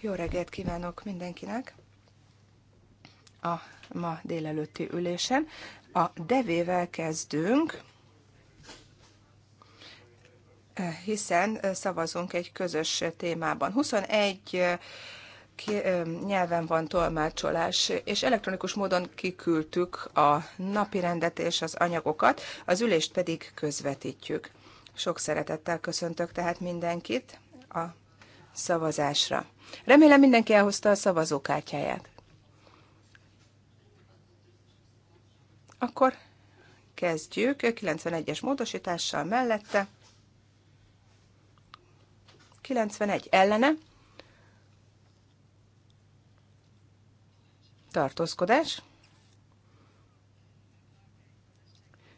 Jó reggelt kívánok mindenkinek a ma délelőtti ülésen. A devével kezdünk, hiszen szavazunk egy közös témában. 21 nyelven van tolmácsolás, és elektronikus módon kiküldtük a rendet és az anyagokat, az ülést pedig közvetítjük. Sok szeretettel köszöntök tehát mindenkit a szavazásra. Remélem mindenki elhozta a szavazókártyáját. Akkor kezdjük 91-es módosítással mellette. 91 ellene. Tartózkodás.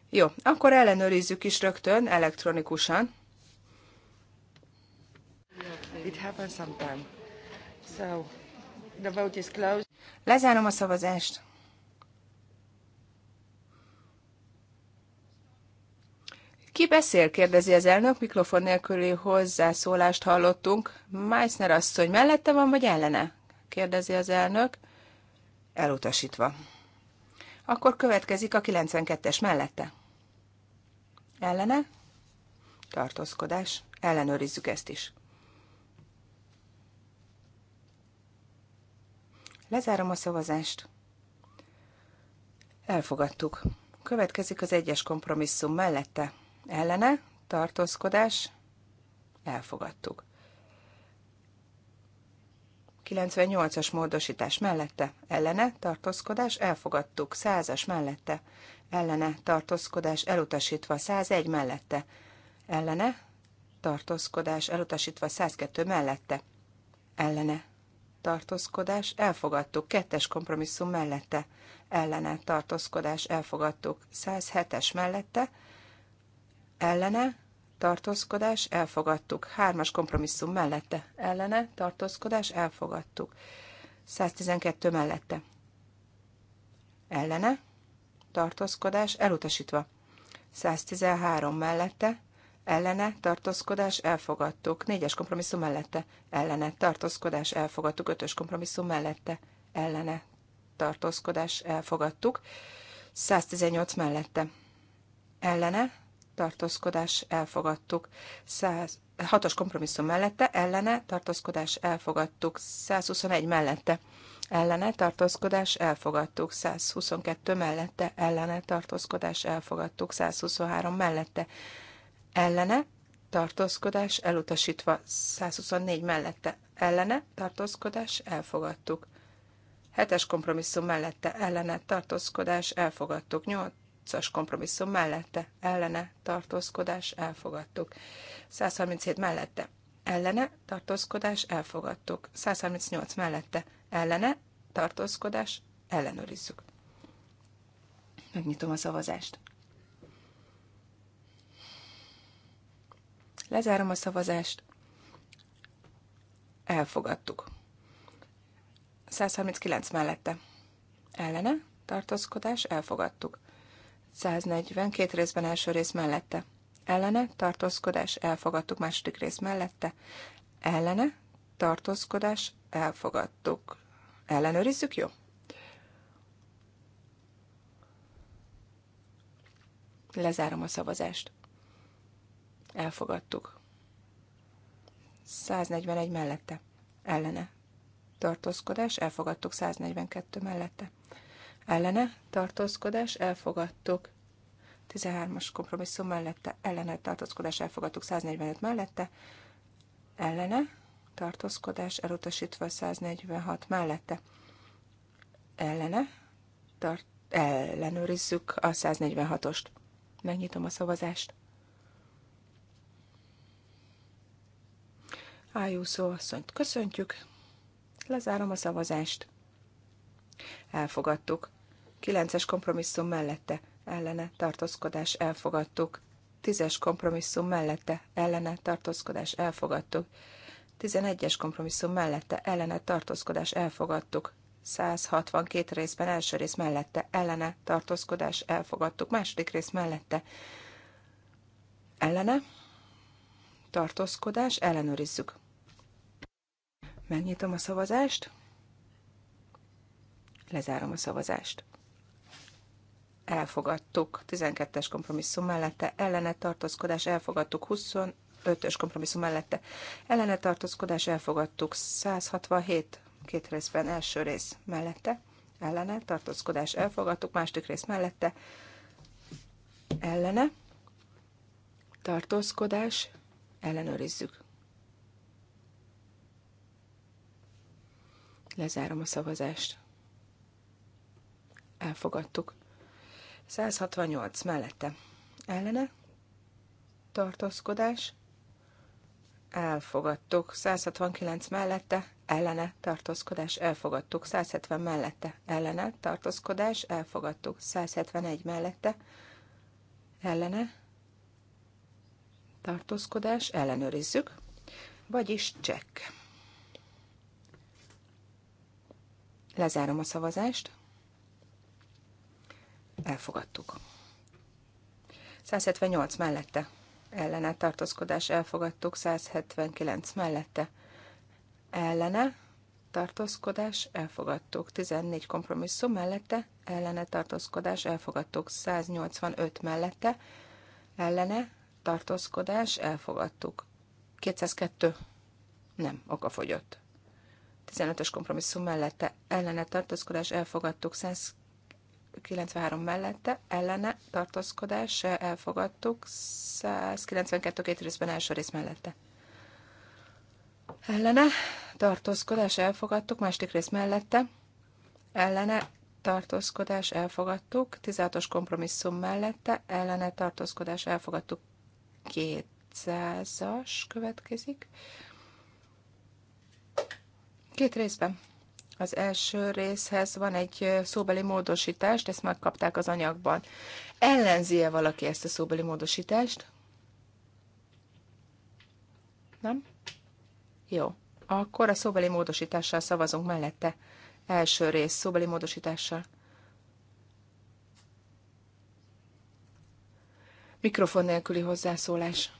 Jó, akkor ellenőrizzük is rögtön elektronikusan. It happens sometimes. So, the vote is closed. Lezárom a szavazást. Ki beszél? kérdezi az elnök. Mikrofon nélküli hozzászólást hallottunk. Meissner asszony mellette van, vagy ellene? kérdezi az elnök. Elutasítva. Akkor következik a 92-es mellette. Ellene? Tartózkodás. Ellenőrizzük ezt is. Lezárom a szavazást. Elfogadtuk. Következik az egyes kompromisszum mellette. Ellene, tartózkodás, elfogadtuk. 98-as módosítás mellette, ellene, tartózkodás, elfogadtuk. 100-as mellette, ellene, tartózkodás, elutasítva. 101 mellette, ellene, tartózkodás, elutasítva. 102 mellette, ellene, tartózkodás elfogadtuk. Kettes kompromisszum mellette ellene tartózkodás elfogadtuk. 107-es mellette ellene tartózkodás elfogadtuk. Hármas kompromisszum mellette ellene tartózkodás elfogadtuk. 112 mellette ellene tartózkodás elutasítva. 113 mellette ellene tartózkodás elfogadtuk. Négyes kompromisszum mellette ellene tartózkodás elfogadtuk. Ötös kompromisszum mellette ellene tartózkodás elfogadtuk. 118 mellette ellene tartózkodás elfogadtuk. 100, 6-os kompromisszum mellette ellene tartózkodás elfogadtuk. 121 mellette ellene tartózkodás elfogadtuk, 122 mellette ellene tartózkodás elfogadtuk, 123 mellette ellene, tartózkodás elutasítva, 124 mellette ellene, tartózkodás elfogadtuk. 7-es kompromisszum mellette ellene, tartózkodás elfogadtuk. 8-as kompromisszum mellette ellene, tartózkodás elfogadtuk. 137 mellette ellene, tartózkodás elfogadtuk. 138 mellette ellene, tartózkodás ellenőrizzük. Megnyitom a szavazást. Lezárom a szavazást. Elfogadtuk. 139 mellette. Ellene, tartózkodás, elfogadtuk. 140, két részben első rész mellette. Ellene, tartózkodás, elfogadtuk második rész mellette. Ellene, tartózkodás, elfogadtuk. Ellenőrizzük, jó? Lezárom a szavazást. Elfogadtuk. 141 mellette. Ellene. Tartózkodás. Elfogadtuk. 142 mellette. Ellene. Tartózkodás. Elfogadtuk. 13-as kompromisszum mellette. Ellene. Tartózkodás. Elfogadtuk. 145 mellette. Ellene. Tartózkodás. Elutasítva. 146 mellette. Ellene. Tart ellenőrizzük a 146-ost. Megnyitom a szavazást. Ájúszó asszonyt köszöntjük. Lezárom a szavazást. Elfogadtuk. Kilences kompromisszum mellette, ellene tartózkodás elfogadtuk. Tízes kompromisszum mellette, ellene tartózkodás elfogadtuk. Tizenegyes kompromisszum mellette, ellene tartózkodás elfogadtuk. 162 részben első rész mellette, ellene tartózkodás elfogadtuk. Második rész mellette, ellene tartózkodás ellenőrizzük. Megnyitom a szavazást. Lezárom a szavazást. Elfogadtuk 12-es kompromisszum mellette, ellene tartózkodás elfogadtuk 25-ös kompromisszum mellette, ellene tartózkodás elfogadtuk 167 két részben első rész mellette, ellene tartózkodás elfogadtuk második rész mellette, ellene tartózkodás ellenőrizzük. Lezárom a szavazást. Elfogadtuk. 168 mellette. Ellene. Tartózkodás. Elfogadtuk. 169 mellette. Ellene. Tartózkodás. Elfogadtuk. 170 mellette. Ellene. Tartózkodás. Elfogadtuk. 171 mellette. Ellene. Tartózkodás. Ellenőrizzük. Vagyis csekk. Lezárom a szavazást. Elfogadtuk. 178 mellette ellene tartózkodás elfogadtuk, 179 mellette ellene tartózkodás elfogadtuk, 14 kompromisszum mellette ellene tartózkodás elfogadtuk, 185 mellette ellene tartózkodás elfogadtuk, 202 nem, okafogyott. 15-ös kompromisszum mellette ellene tartózkodás elfogadtuk, 193 mellette ellene tartózkodás elfogadtuk, 192 két részben első rész mellette. Ellene tartózkodás elfogadtuk, második rész mellette ellene tartózkodás elfogadtuk, 16-os kompromisszum mellette ellene tartózkodás elfogadtuk, 200-as következik Két részben. Az első részhez van egy szóbeli módosítást, ezt megkapták az anyagban. Ellenzi-e valaki ezt a szóbeli módosítást? Nem? Jó. Akkor a szóbeli módosítással szavazunk mellette. Első rész szóbeli módosítással. Mikrofon nélküli hozzászólás.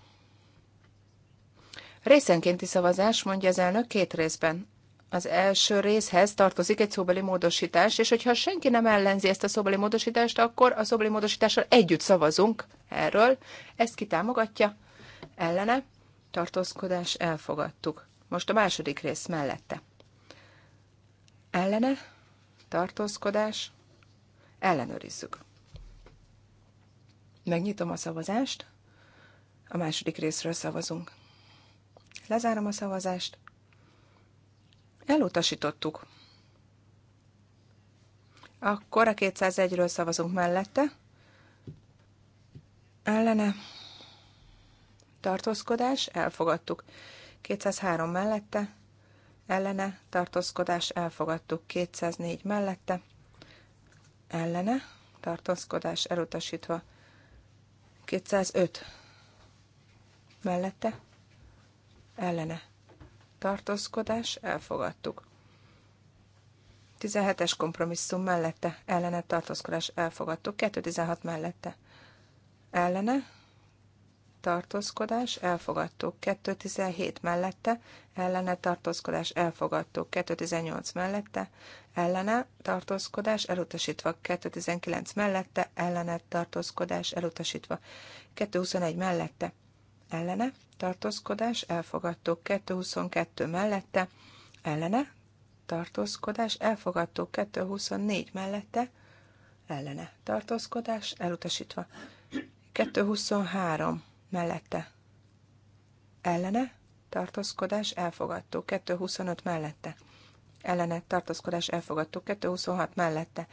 Részenkénti szavazás, mondja az elnök két részben az első részhez tartozik egy szóbeli módosítás, és hogyha senki nem ellenzi ezt a szóbeli módosítást, akkor a szóbeli módosítással együtt szavazunk erről. Ezt kitámogatja, ellene, tartózkodás, elfogadtuk. Most a második rész mellette. Ellene, tartózkodás, ellenőrizzük. Megnyitom a szavazást, a második részről szavazunk. Lezárom a szavazást, Elutasítottuk. Akkor a 201-ről szavazunk mellette. Ellene. Tartózkodás. Elfogadtuk. 203 mellette. Ellene. Tartózkodás. Elfogadtuk. 204 mellette. Ellene. Tartózkodás. Elutasítva. 205 mellette. Ellene tartózkodás, elfogadtuk. 17-es kompromisszum mellette, ellene tartózkodás, elfogadtuk. 216 mellette, ellene tartózkodás, elfogadtuk. 217 mellette, ellene tartózkodás, elfogadtuk. 218 mellette, ellene tartózkodás, elutasítva. 219 mellette, ellene tartózkodás, elutasítva. 221 mellette, ellene, tartózkodás, elfogadtuk 222 mellette, ellene, tartózkodás, elfogadtuk 224 mellette, ellene, tartózkodás, elutasítva 223 mellette, ellene, tartózkodás, elfogadtuk 225 mellette, ellene tartózkodás elfogadtó 226 mellette,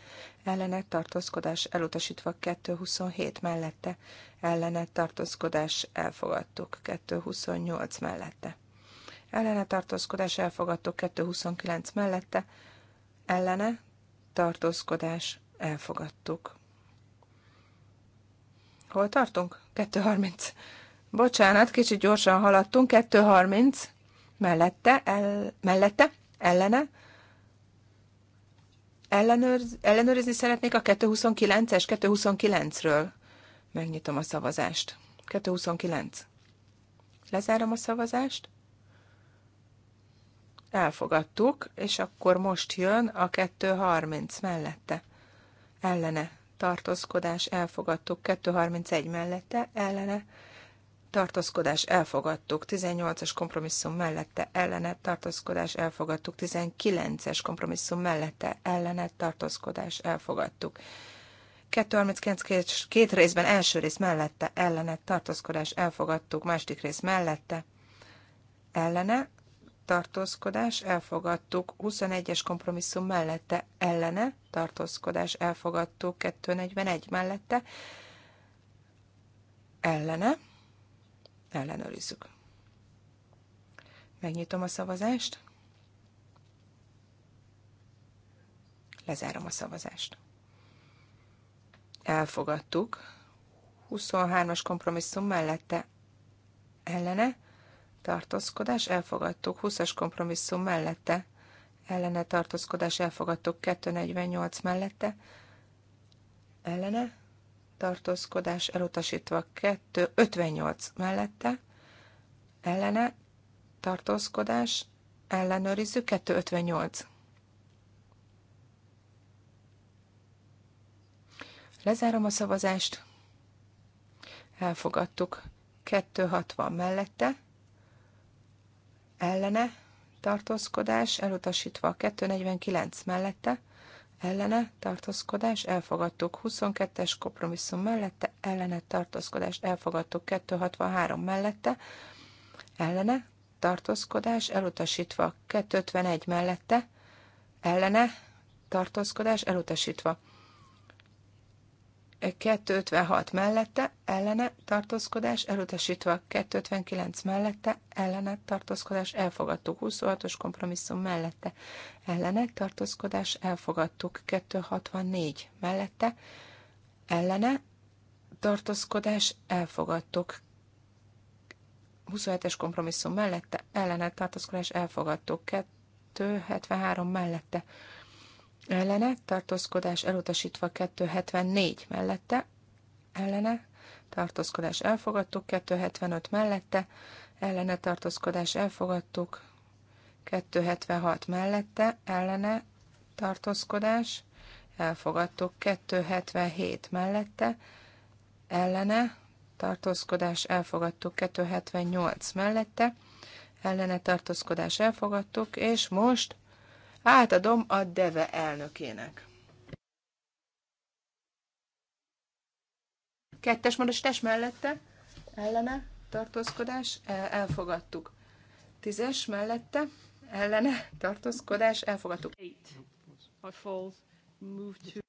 ellene tartózkodás elutasítva, 227 mellette, ellene tartózkodás elfogadtuk, 228 mellette. Ellene tartózkodás elfogadtuk, 229 mellette, ellene tartózkodás elfogadtuk. Hol tartunk? 230. Bocsánat, kicsit gyorsan haladtunk, 230 mellette, el, mellette, ellene. Ellenőrz, ellenőrizni szeretnék a 229-es, 229-ről. Megnyitom a szavazást. 229. Lezárom a szavazást. Elfogadtuk, és akkor most jön a 230 mellette. Ellene. Tartózkodás elfogadtuk. 231 mellette. Ellene tartózkodás elfogadtuk, 18-as kompromisszum mellette ellene tartózkodás elfogadtuk, 19-es kompromisszum mellette ellene tartózkodás elfogadtuk. 239 két részben első rész mellette ellene tartózkodás elfogadtuk, második rész mellette ellene tartózkodás elfogadtuk, 21-es kompromisszum mellette ellene tartózkodás elfogadtuk, 241 mellette ellene ellenőrizzük. Megnyitom a szavazást. Lezárom a szavazást. Elfogadtuk. 23-as kompromisszum mellette ellene tartózkodás, elfogadtuk. 20-as kompromisszum mellette ellene tartózkodás, elfogadtuk. 248 mellette ellene tartózkodás elutasítva 2, 58 mellette, ellene, tartózkodás, ellenőrizzük, 258. Lezárom a szavazást, elfogadtuk, 260 mellette, ellene, tartózkodás, elutasítva 249 mellette, ellene tartózkodás elfogadtuk 22-es kompromisszum mellette, ellene tartózkodás elfogadtuk 263 mellette, ellene tartózkodás elutasítva 251 mellette, ellene tartózkodás elutasítva 256 mellette, ellene tartózkodás, elutasítva 259 mellette, ellene tartózkodás, elfogadtuk 26-os kompromisszum mellette, ellene tartózkodás, elfogadtuk 264 mellette, ellene tartózkodás, elfogadtuk 27-es kompromisszum mellette, ellene tartózkodás, elfogadtuk 273 mellette, ellene, tartózkodás elutasítva 274 mellette, ellene, tartózkodás elfogadtuk, 275 mellette, ellene tartózkodás elfogadtuk, 276 mellette, ellene tartózkodás elfogadtuk, 277 mellette, ellene tartózkodás elfogadtuk, 278 mellette, ellene tartózkodás elfogadtuk, és most átadom a DEVE elnökének. Kettes modosítás mellette, ellene, tartózkodás, e, elfogadtuk. Tízes mellette, ellene, tartózkodás, elfogadtuk. Eight. Or falls.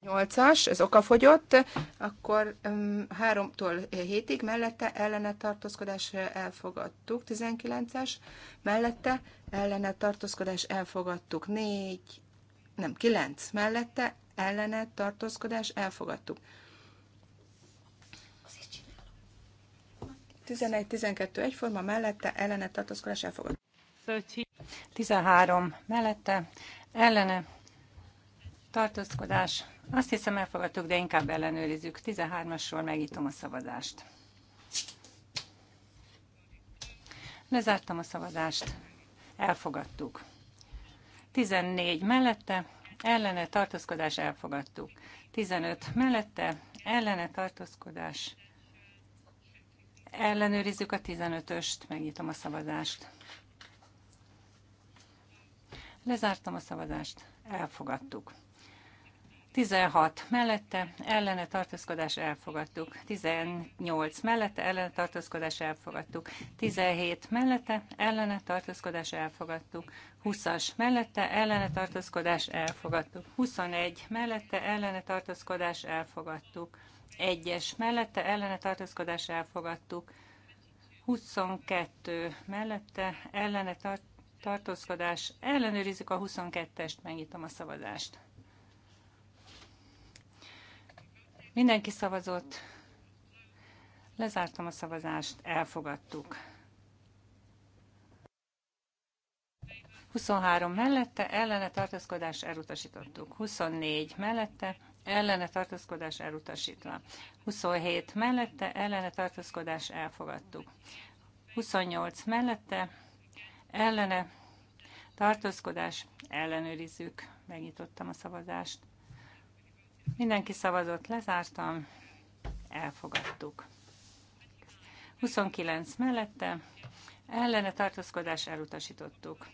8-as, ez okafogyott, akkor 3-tól 7-ig mellette ellene tartózkodás elfogadtuk, 19-es mellette ellene tartózkodás elfogadtuk, 4, nem 9 mellette ellene tartózkodás elfogadtuk. 11-12 egyforma mellette ellene tartózkodás elfogadtuk. 13 mellette ellene tartózkodás. Azt hiszem elfogadtuk, de inkább ellenőrizzük. 13-asról megítom a szavazást. Lezártam a szavazást. Elfogadtuk. 14 mellette, ellene tartózkodás elfogadtuk. 15 mellette, ellene tartózkodás. Ellenőrizzük a 15-öst, megnyitom a szavazást. Lezártam a szavazást, elfogadtuk. 16 mellette ellene tartózkodás elfogadtuk, 18 mellette ellene tartózkodás elfogadtuk, 17 mellette ellene tartózkodás elfogadtuk, 20-as mellette ellene tartózkodás elfogadtuk, 21 mellette ellene tartózkodás elfogadtuk, 1-es mellette ellene tartózkodás elfogadtuk, 22 mellette ellene tartózkodás ellenőrizzük a 22-est, megnyitom a szavazást. Mindenki szavazott. Lezártam a szavazást, elfogadtuk. 23 mellette, ellene tartózkodás elutasítottuk. 24 mellette, ellene tartózkodás elutasítva. 27 mellette, ellene tartózkodás elfogadtuk. 28 mellette, ellene tartózkodás ellenőrizzük. Megnyitottam a szavazást. Mindenki szavazott, lezártam, elfogadtuk. 29 mellette, ellene tartózkodás elutasítottuk.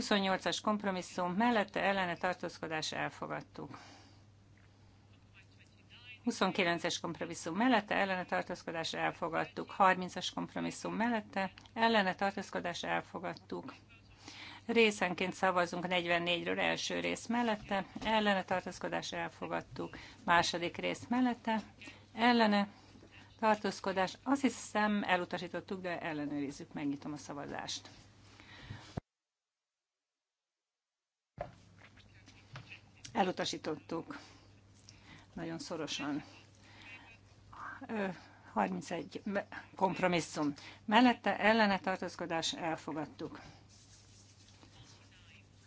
28-as kompromisszum mellette ellene tartózkodás elfogadtuk. 29-es kompromisszum mellette ellene tartózkodás elfogadtuk. 30-as kompromisszum mellette ellene tartózkodás elfogadtuk. Részenként szavazunk 44-ről első rész mellette, ellene tartózkodás elfogadtuk, második rész mellette, ellene tartózkodás, azt hiszem elutasítottuk, de ellenőrizzük, megnyitom a szavazást. Elutasítottuk nagyon szorosan. 31 kompromisszum. Mellette ellene tartózkodás elfogadtuk.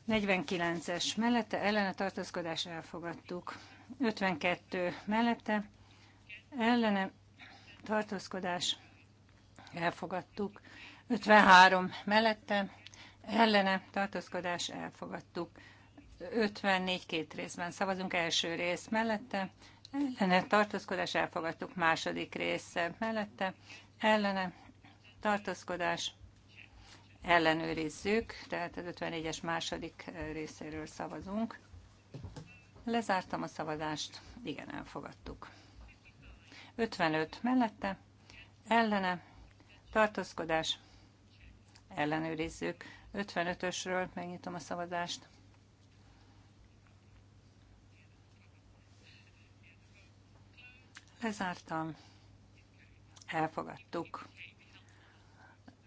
49-es mellette ellene tartózkodás elfogadtuk. 52 mellette ellene tartózkodás elfogadtuk. 53 mellette ellene tartózkodás elfogadtuk. 54 két részben szavazunk első rész mellette, ellene tartózkodás elfogadtuk második része mellette, ellene tartózkodás ellenőrizzük, tehát az 54-es második eh, részéről szavazunk. Lezártam a szavazást, igen, elfogadtuk. 55 mellette, ellene, tartózkodás, ellenőrizzük. 55-ösről megnyitom a szavazást. Lezártam, elfogadtuk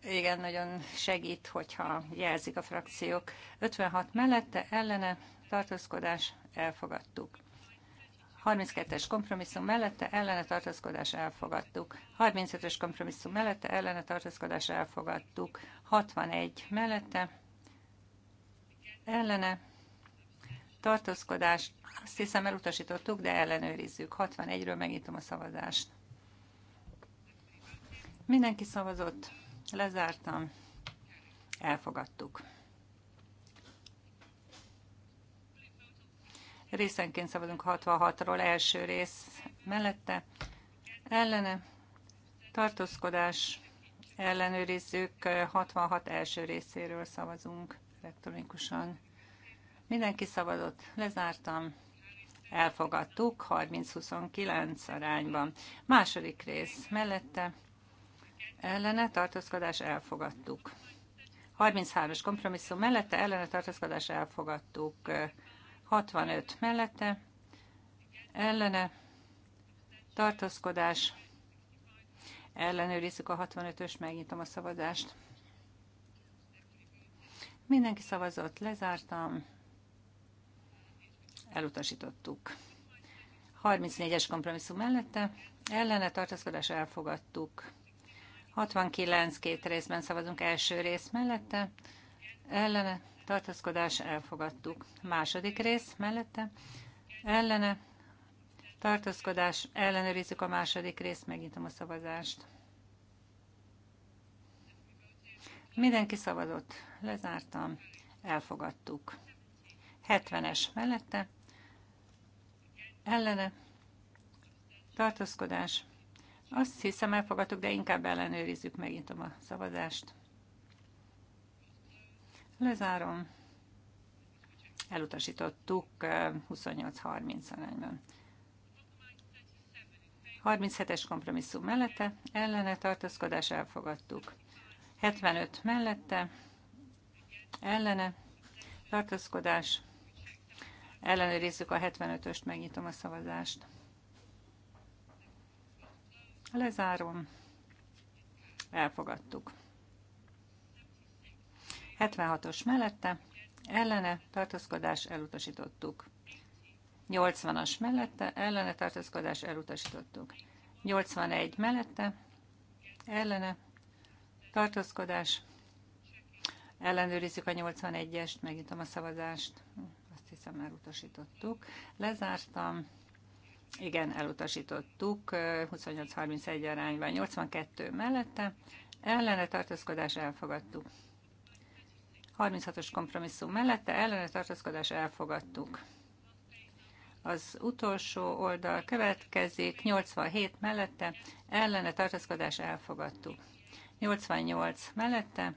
igen, nagyon segít, hogyha jelzik a frakciók. 56 mellette, ellene, tartózkodás, elfogadtuk. 32-es kompromisszum mellette, ellene tartózkodás elfogadtuk. 35 es kompromisszum mellette, ellene tartózkodás elfogadtuk. 61 mellette, ellene tartózkodás, azt hiszem elutasítottuk, de ellenőrizzük. 61-ről megnyitom a szavazást. Mindenki szavazott. Lezártam. Elfogadtuk. Részenként szavazunk 66-ról első rész mellette. Ellene. Tartózkodás. Ellenőrizzük. 66 első részéről szavazunk elektronikusan. Mindenki szavazott. Lezártam elfogadtuk 30-29 arányban. Második rész mellette ellene tartózkodás elfogadtuk. 33-as kompromisszum mellette ellene tartózkodás elfogadtuk. 65 mellette ellene tartózkodás ellenőrizzük a 65-ös, megnyitom a szavazást. Mindenki szavazott, lezártam, elutasítottuk. 34-es kompromisszum mellette ellene tartózkodás elfogadtuk. 69 két részben szavazunk első rész mellette, ellene, tartózkodás elfogadtuk. Második rész mellette, ellene, tartózkodás, ellenőrizzük a második részt, megnyitom a szavazást. Mindenki szavazott, lezártam, elfogadtuk. 70-es mellette, ellene, tartózkodás, azt hiszem elfogadtuk, de inkább ellenőrizzük, megint a szavazást. Lezárom. Elutasítottuk 28-30 arányban. 37-es kompromisszum mellette, ellene tartózkodás elfogadtuk. 75 mellette, ellene tartózkodás, ellenőrizzük a 75-öst, megnyitom a szavazást. Lezárom. Elfogadtuk. 76-os mellette, ellene tartózkodás elutasítottuk. 80-as mellette, ellene tartózkodás elutasítottuk. 81 mellette, ellene tartózkodás. Ellenőrizzük a 81-est, megnyitom a szavazást. Azt hiszem elutasítottuk. Lezártam igen, elutasítottuk, 28-31 arányban, 82 mellette, ellene tartózkodás elfogadtuk. 36-os kompromisszum mellette, ellene tartózkodás elfogadtuk. Az utolsó oldal következik, 87 mellette, ellene tartózkodás elfogadtuk. 88 mellette,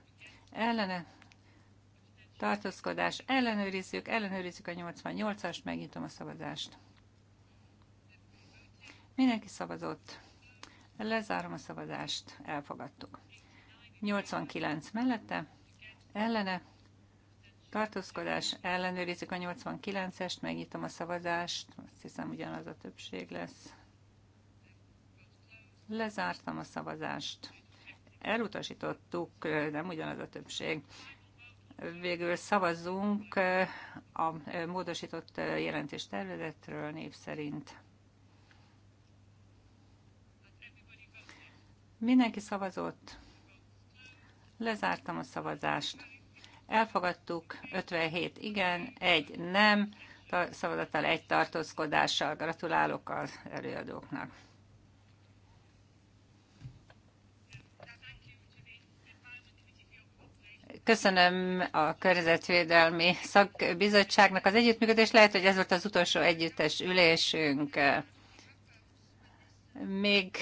ellene tartózkodás ellenőrizzük, ellenőrizzük a 88-ast, megnyitom a szavazást. Mindenki szavazott. Lezárom a szavazást, elfogadtuk. 89 mellette, ellene, tartózkodás, ellenőrizzük a 89-est, megnyitom a szavazást, azt hiszem ugyanaz a többség lesz. Lezártam a szavazást. Elutasítottuk, nem ugyanaz a többség. Végül szavazzunk eh, a eh, módosított eh, jelentés tervezetről név szerint. Mindenki szavazott. Lezártam a szavazást. Elfogadtuk 57 igen, egy nem, szavazattal egy tartózkodással. Gratulálok az előadóknak. Köszönöm a körzetvédelmi Szakbizottságnak az együttműködés Lehet, hogy ez volt az utolsó együttes ülésünk. Még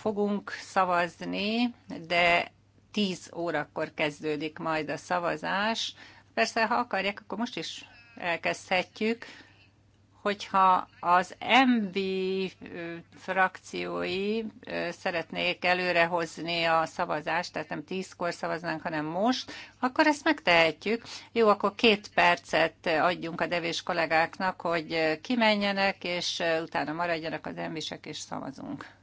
fogunk szavazni, de 10 órakor kezdődik majd a szavazás. Persze, ha akarják, akkor most is elkezdhetjük, hogyha az MB frakciói szeretnék előrehozni a szavazást, tehát nem tízkor szavaznánk, hanem most, akkor ezt megtehetjük. Jó, akkor két percet adjunk a devés kollégáknak, hogy kimenjenek, és utána maradjanak az MB-sek, és szavazunk.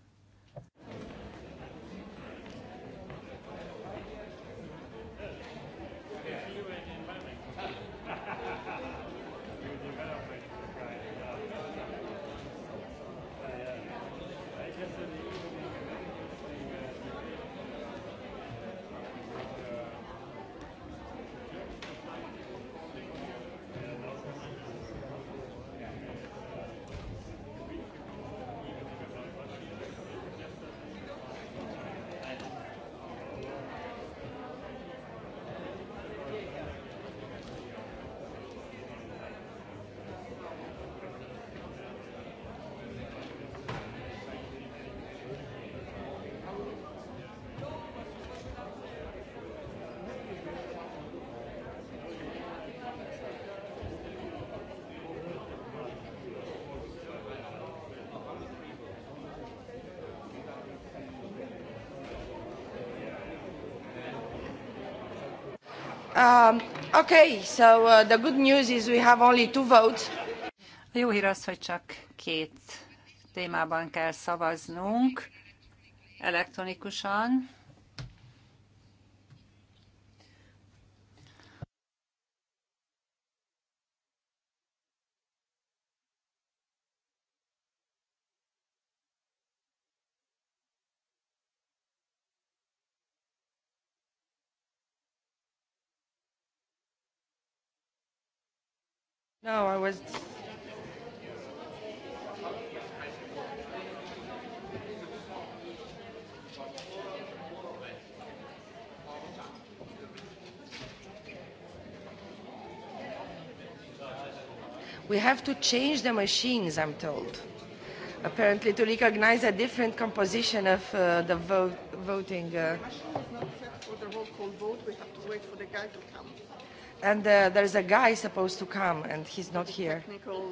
Um, okay, so uh, the good news is we have only two votes. A jó hír az, hogy csak két témában kell szavaznunk elektronikusan. No, I was. We have to change the machines, I'm told. Apparently, to recognize a different composition of uh, the vote, voting. Uh. The machine is not set for the roll call vote. We have to wait for the guy to come. And uh, there is a guy supposed to come, and he's not here. Uh,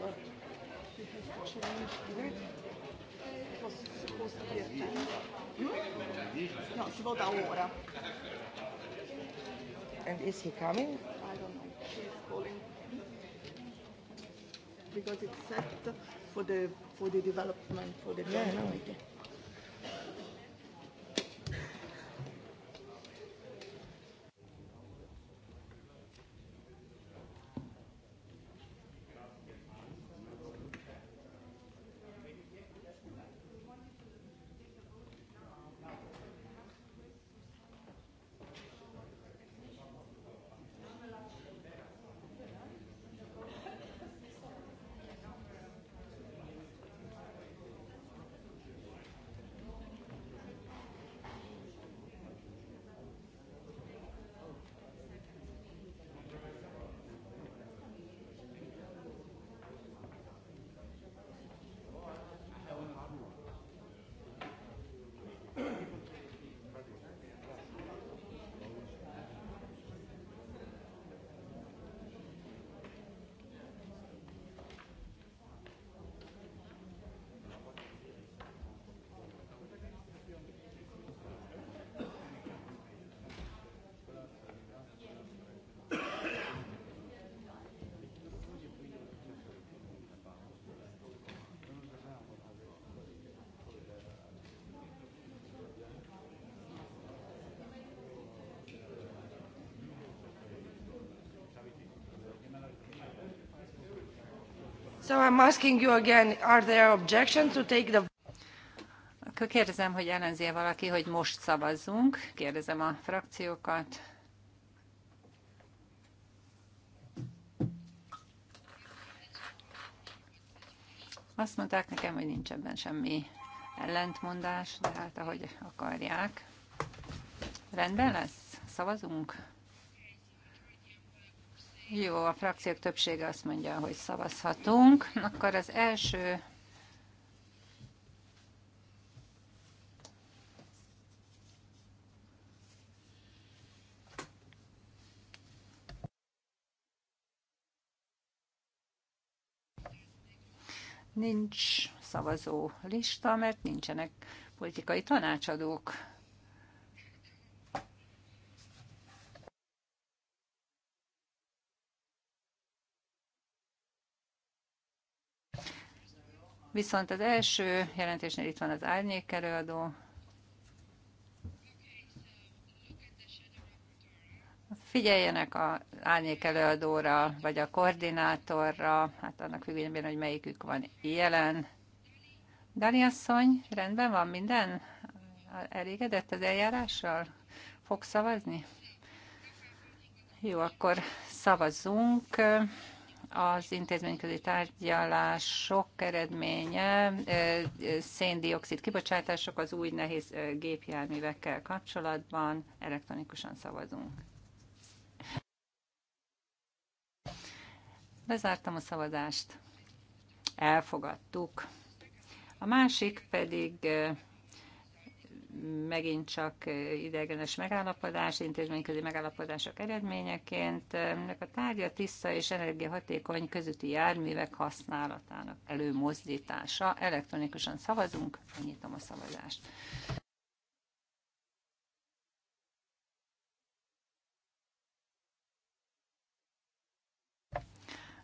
no, And is he coming? I don't know. She's calling because it's set for the for the development for the yeah, no. committee. So I'm asking you again, are there objections to take the... Akkor kérdezem, hogy ellenzi -e valaki, hogy most szavazzunk. Kérdezem a frakciókat. Azt mondták nekem, hogy nincs ebben semmi ellentmondás, de hát ahogy akarják. Rendben lesz? Szavazunk? Jó, a frakciók többsége azt mondja, hogy szavazhatunk. Akkor az első nincs szavazó lista, mert nincsenek politikai tanácsadók. Viszont az első jelentésnél itt van az árnyék előadó. Figyeljenek az árnyék előadóra, vagy a koordinátorra, hát annak függvényben, hogy melyikük van jelen. Dani asszony, rendben van minden? Elégedett az eljárással? Fog szavazni? Jó, akkor szavazzunk az intézményközi tárgyalások eredménye széndiokszid kibocsátások az új nehéz gépjárművekkel kapcsolatban. Elektronikusan szavazunk. Lezártam a szavazást. Elfogadtuk. A másik pedig megint csak idegenes megállapodás, intézményközi megállapodások eredményeként. Ennek a tárgya tiszta és energiahatékony közötti járművek használatának előmozdítása. Elektronikusan szavazunk, nyitom a szavazást.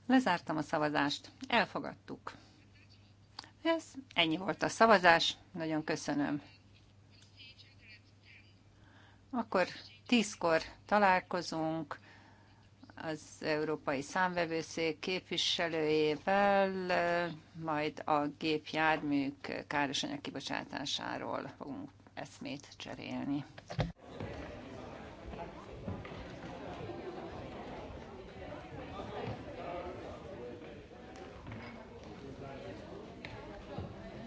Lezártam a szavazást, elfogadtuk. Ez ennyi volt a szavazás, nagyon köszönöm. Akkor tízkor találkozunk az Európai Számvevőszék képviselőjével, majd a gépjárműk károsanyag kibocsátásáról fogunk eszmét cserélni.